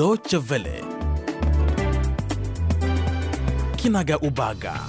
Deutsche Welle, kinaga ubaga.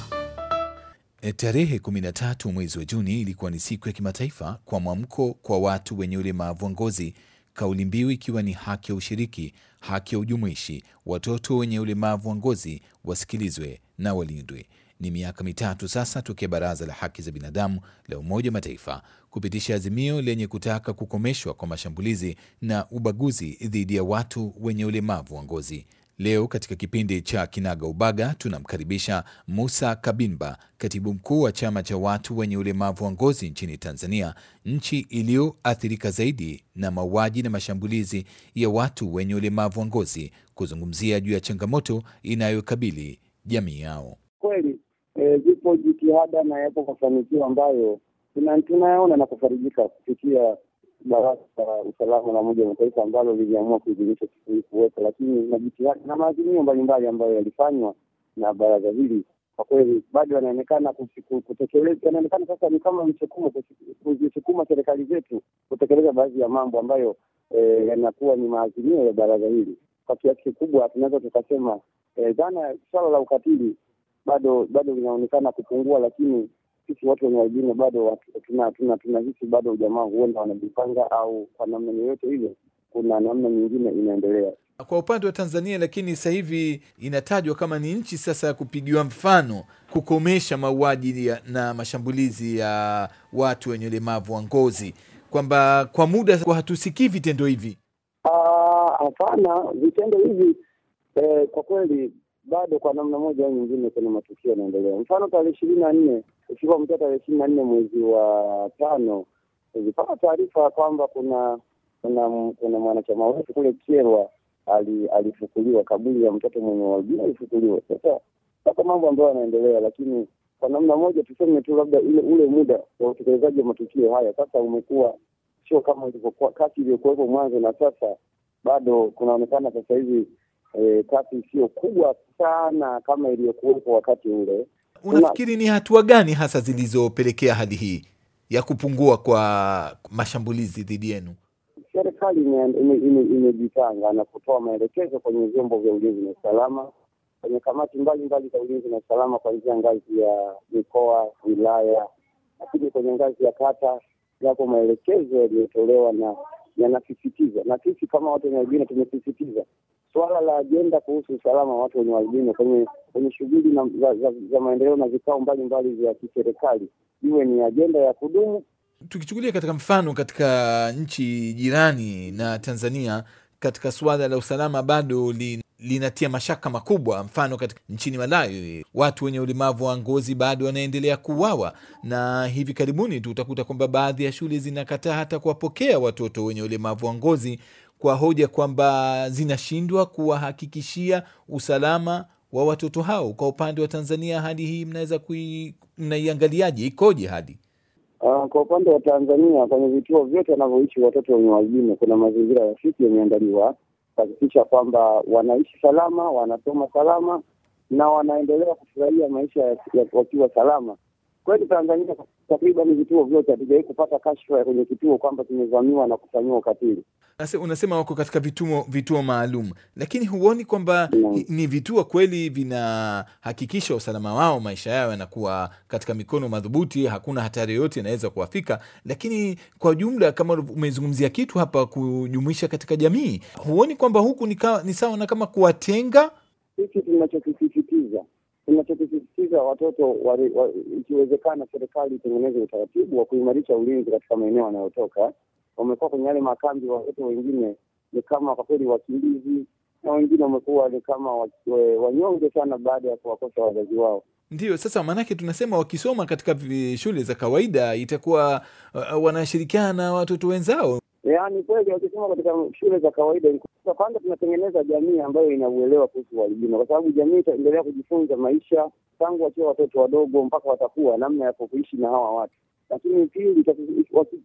E, tarehe 13 mwezi wa Juni ilikuwa ni siku ya kimataifa kwa mwamko kwa watu wenye ulemavu wa ngozi, kauli mbiu ikiwa ni haki ya ushiriki, haki ya ujumuishi, watoto wenye ulemavu wa ngozi wasikilizwe na walindwe. Ni miaka mitatu sasa tokea Baraza la Haki za Binadamu la Umoja wa Mataifa kupitisha azimio lenye kutaka kukomeshwa kwa mashambulizi na ubaguzi dhidi ya watu wenye ulemavu wa ngozi. Leo katika kipindi cha Kinaga Ubaga tunamkaribisha Musa Kabimba, katibu mkuu wa chama cha watu wenye ulemavu wa ngozi nchini Tanzania, nchi iliyoathirika zaidi na mauaji na mashambulizi ya watu wenye ulemavu wa ngozi, kuzungumzia juu ya changamoto inayokabili jamii yao. Kweli yapo jitihada na yapo mafanikio ambayo tunayaona na kufarijika kupitia baraza la usalama la Umoja wa Mataifa ambalo liliamua kuidhinisha siku hii kuwepo, lakini na jitihada na maazimio mbalimbali ambayo yalifanywa na baraza hili kwa kweli bado yanaonekana kutekeleza, yanaonekana sasa ni kama msukumo, kuzisukuma serikali zetu kutekeleza baadhi ya mambo ambayo e, yanakuwa ni maazimio ya baraza hili. Kwa kiasi kikubwa tunaweza tukasema e, dhana swala la ukatili bado bado vinaonekana kupungua, lakini sisi watu wenye wajina bado tunahisi bado ujamaa huenda wanajipanga au kwa namna yoyote hivyo, kuna namna nyingine inaendelea kwa upande wa Tanzania, lakini sasa hivi inatajwa kama ni nchi sasa ya kupigiwa mfano kukomesha mauaji na mashambulizi ya watu wenye ulemavu wa ngozi, kwamba kwa muda kwa hatusikii vitendo hivi. Hapana, vitendo hivi eh, kwa kweli bado kwa namna moja au nyingine kuna matukio yanaendelea. Mfano, tarehe ishirini na nne mtoa tarehe ishirini na nne mwezi wa tano ilipata taarifa kwamba kuna kuna kuna mwanachama wetu kule Kyerwa ali, alifukuliwa kaburi ya mtoto mwenye ualbino alifukuliwa. Sasa sasa mambo ambayo yanaendelea, lakini kwa namna moja tuseme tu labda ule ule muda wa utekelezaji wa matukio haya sasa umekuwa sio kama ilivyokuwa kasi iliyokuwepo mwanzo, na sasa bado kunaonekana sasa hivi e, kasi sio kubwa sana kama iliyokuwepo wakati ule. Unafikiri ni hatua gani hasa zilizopelekea hali hii ya kupungua kwa mashambulizi dhidi yenu? Serikali imejipanga na kutoa maelekezo kwenye vyombo vya ulinzi na usalama, kwenye kamati mbalimbali za ulinzi na usalama, kuanzia ngazi ya mikoa, wilaya, lakini kwenye ngazi ya kata yako maelekezo yaliyotolewa na yanasisitiza, na sisi kama watu wengine tumesisitiza suala la ajenda kuhusu usalama wa watu wenye ualbino kwenye kwenye shughuli za, za, za maendeleo na vikao mbalimbali vya kiserikali iwe ni ajenda ya kudumu. Tukichukulia katika mfano katika nchi jirani na Tanzania, katika suala la usalama bado li, linatia mashaka makubwa. Mfano katika nchini Malawi, watu wenye ulemavu wa ngozi bado wanaendelea kuuawa, na hivi karibuni tu utakuta kwamba baadhi ya shule zinakataa hata kuwapokea watoto wenye ulemavu wa ngozi kwa hoja kwamba zinashindwa kuwahakikishia usalama wa watoto hao. Kwa upande wa Tanzania, hali hii mnaweza kui, mnaiangaliaje? Ikoje hadi uh, ah, kwa upande wa Tanzania? Kwenye vituo vyote wanavyoishi watoto wenye wajime kuna mazingira rafiki yameandaliwa kuhakikisha kwamba wanaishi salama, wanasoma salama na wanaendelea kufurahia maisha wakiwa salama. Kweli Tanzania takriban vituo vyote hatujawahi kupata kashfa kwenye kituo kwamba tumevamiwa na kufanyiwa ukatili. Sasa unasema wako katika vituo, vituo maalum, lakini huoni kwamba no. ni vituo kweli vinahakikisha usalama wao, maisha yao yanakuwa katika mikono madhubuti, hakuna hatari yoyote inaweza kuwafika. Lakini kwa jumla, kama umezungumzia kitu hapa, kujumuisha katika jamii, huoni kwamba huku ni sawa na kama kuwatenga? Hiki tunachokisisitiza tunachokisisitiza watoto, ikiwezekana, serikali itengeneze utaratibu wa kuimarisha ulinzi katika maeneo wanayotoka wamekuwa kwenye yale makambi, watoto wengine ni kama kwa kweli wakimbizi na wengine wamekuwa ni kama wanyonge sana baada ya kuwakosa wazazi wao. Ndiyo, sasa maanake tunasema wakisoma katika shule za kawaida itakuwa uh, uh, wanashirikiana na watoto wenzao. Yaani kweli wakisoma katika shule za kawaida, kwanza tunatengeneza jamii ambayo inauelewa kuhusu ualbino, kwa sababu jamii itaendelea kujifunza maisha tangu wakiwa watoto wadogo mpaka watakuwa namna ya kuishi na hawa watu lakini pili,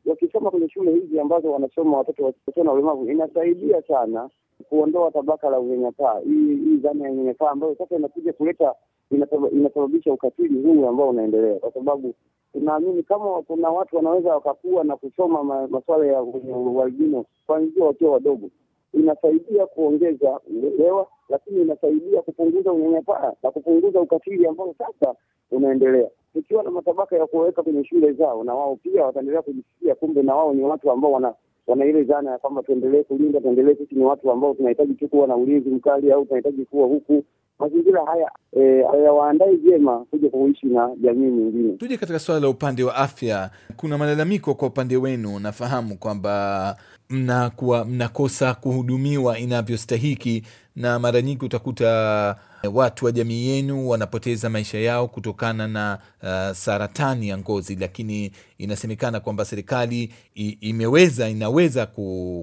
wakisoma kwenye shule hizi ambazo wanasoma watoto na ulemavu inasaidia sana kuondoa tabaka la unyanyapaa, hii dhana ya unyanyapaa ambayo sasa inakuja kuleta inasababisha ukatili huu ambao unaendelea, kwa sababu tunaamini kama kuna watu wanaweza wakakua na kusoma ma, masuala ya ualbino kuanzia wakiwa wadogo, inasaidia kuongeza uelewa, lakini inasaidia kupunguza unyanyapaa na kupunguza ukatili ambao sasa unaendelea tukiwa na matabaka ya kuweka kwenye shule zao, na wao pia wataendelea kujisikia kumbe na wao ni watu ambao wana wana ile dhana ya kwamba tuendelee kulinda, tuendelee, sisi ni watu ambao tunahitaji tu kuwa na ulinzi mkali au tunahitaji kuwa huku. Mazingira haya e, hayawaandai e, vyema kuja kuishi na jamii nyingine. Tuje katika suala la upande wa afya, kuna malalamiko kwa upande wenu. Nafahamu kwamba mnakuwa mnakosa kuhudumiwa inavyostahiki na mara nyingi utakuta eh, watu wa jamii yenu wanapoteza maisha yao kutokana na uh, saratani ya ngozi, lakini inasemekana kwamba serikali imeweza inaweza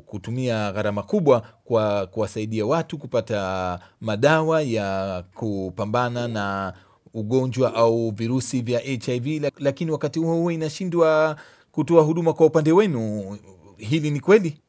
kutumia gharama kubwa kwa kuwasaidia watu kupata madawa ya kupambana na ugonjwa au virusi vya HIV, lakini wakati huo huo inashindwa kutoa huduma kwa upande wenu. Hili ni kweli?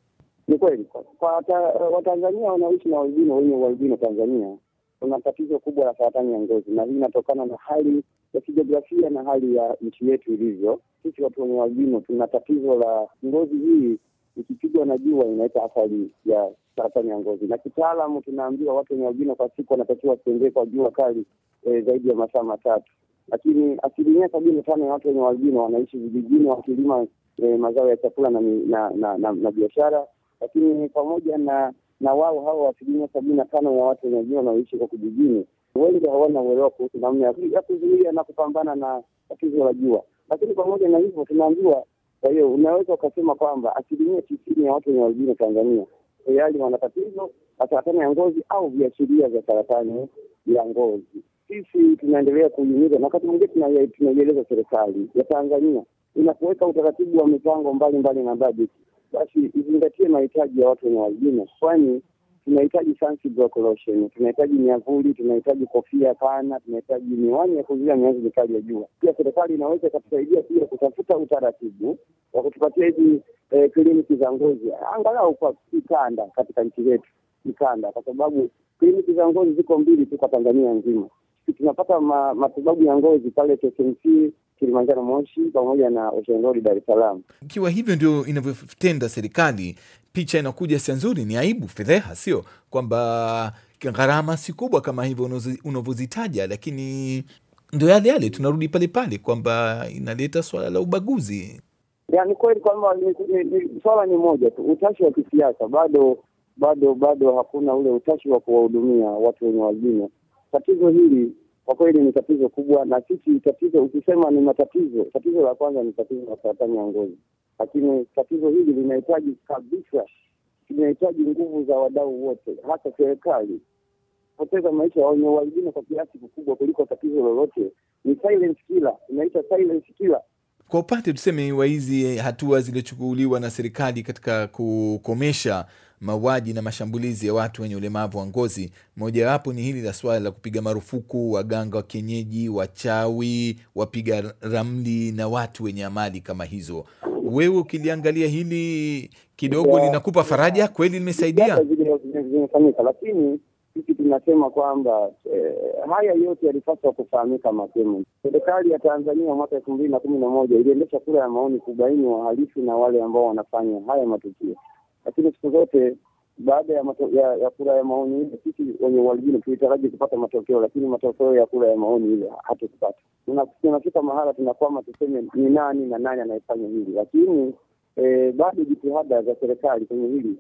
Ni kweli kwa Watanzania wanaoishi na ualbino wenye ualbino Tanzania kuna tatizo kubwa la saratani ya ngozi, na hii inatokana na hali ya kijiografia na hali ya nchi yetu ilivyo. Sisi watu wenye ualbino tuna tatizo la ngozi hii ikipigwa na jua inaleta athari ya saratani ya ngozi, na kitaalamu tunaambiwa watu wenye albino kwa siku wanatakiwa wasiendee kwa jua kali e, zaidi ya masaa matatu, lakini asilimia sabini na tano ya watu wenye albino wanaishi vijijini wakilima e, mazao ya chakula na, na, na, na, na biashara lakini ni pamoja na na wao hao asilimia sabini na tano ya watu wenyewe wanaoishi kwa kijijini, wengi hawana uelewa kuhusu namna ya kuzuia na kupambana na tatizo la jua. Lakini pamoja na hivyo tunaambiwa, kwa hiyo unaweza ukasema kwamba asilimia tisini ya watu wenye ualbino Tanzania tayari wana tatizo la saratani ya ngozi au viashiria vya saratani ya ngozi. Sisi tunaendelea kuhimiza na wakati mwingine tunaieleza serikali ya Tanzania inapoweka utaratibu wa mipango mbalimbali na bajeti basi izingatie mahitaji ya watu wenye albino, kwani tunahitaji sunblock lotion, tunahitaji miavuli, tunahitaji kofia pana, tunahitaji miwani ya kuzuia mianzi mikali ya jua. Pia serikali inaweza ikatusaidia pia kutafuta utaratibu wa kutupatia hizi e, kliniki za ngozi angalau kwa kikanda katika nchi yetu kikanda, kwa sababu kliniki za ngozi ziko mbili tu kwa Tanzania nzima. Tunapata ma, matibabu ya ngozi pale TSMC Kilimanjaro Moshi pamoja na Ocean Dar es Salaam. Ikiwa hivyo ndio inavyotenda serikali, picha inakuja si nzuri, ni aibu, fedheha, sio kwamba gharama si kubwa kama hivyo unavyozitaja, lakini ndio yale yale, tunarudi pale pale kwamba inaleta swala la ubaguzi. Ni kweli kwamba swala ni moja tu, utashi wa kisiasa bado bado bado, hakuna ule utashi wa kuwahudumia watu wenye wajina. Tatizo hili kwa kweli ni tatizo kubwa, na sisi tatizo, ukisema ni matatizo, tatizo la kwanza ni tatizo la saratani ya ngozi, lakini tatizo hili linahitaji kabisa, linahitaji nguvu za wadau wote, hasa serikali. Poteza maisha ya wenye ualbino kwa kiasi kikubwa kuliko tatizo lolote ni silent killer, inaita silent killer kwa upande tuseme wa hizi eh, hatua zilizochukuliwa na serikali katika kukomesha mauaji na mashambulizi ya watu wenye ulemavu wa ngozi, mojawapo ni hili la suala la kupiga marufuku waganga wa kienyeji, wachawi, wapiga ramli na watu wenye amali kama hizo. Wewe ukiliangalia hili kidogo, linakupa faraja kweli, limesaidia zimefanyika, lakini sisi tunasema kwamba eh, haya yote yalipaswa kufahamika mapema. Serikali ya Tanzania mwaka elfu mbili na kumi na moja iliendesha kura ya maoni kubaini wahalifu na wale ambao wanafanya haya matukio, lakini siku zote baada ya, ya, ya kura ya maoni ile, sisi wenye ualijini tulitaraji kupata matokeo, lakini matokeo ya kura ya maoni ile hatukupata. Tunafika mahala tunakwama tuseme ni nani na nani anayefanya hili, lakini eh, bado jitihada za serikali kwenye hili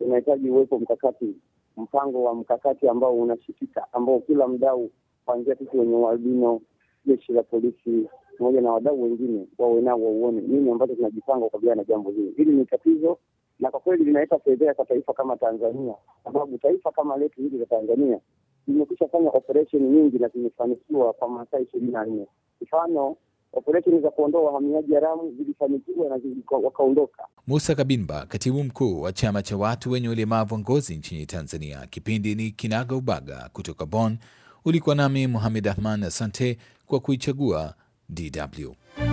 inahitaji uwepo mkakati mpango wa mkakati ambao unashikika ambao kila mdau kuanzia sisi wenye ualbino, jeshi la polisi pamoja na wadau wengine wawe nao wauone nini ambacho tunajipanga kukabiliana na jambo hili. Hili ni tatizo na kwa kweli linaleta fedheha kwa taifa kama Tanzania, sababu taifa kama letu hili la Tanzania limekwisha fanya operesheni nyingi na zimefanikiwa kwa masaa ishirini na nne mfano operesheni za kuondoa wahamiaji haramu zilifanikiwa na wakaondoka. Musa Kabimba, katibu mkuu wa chama cha watu wenye ulemavu wa ngozi nchini Tanzania. Kipindi ni Kinaga Ubaga kutoka Bonn. Ulikuwa nami Muhamed Ahman, asante kwa kuichagua DW.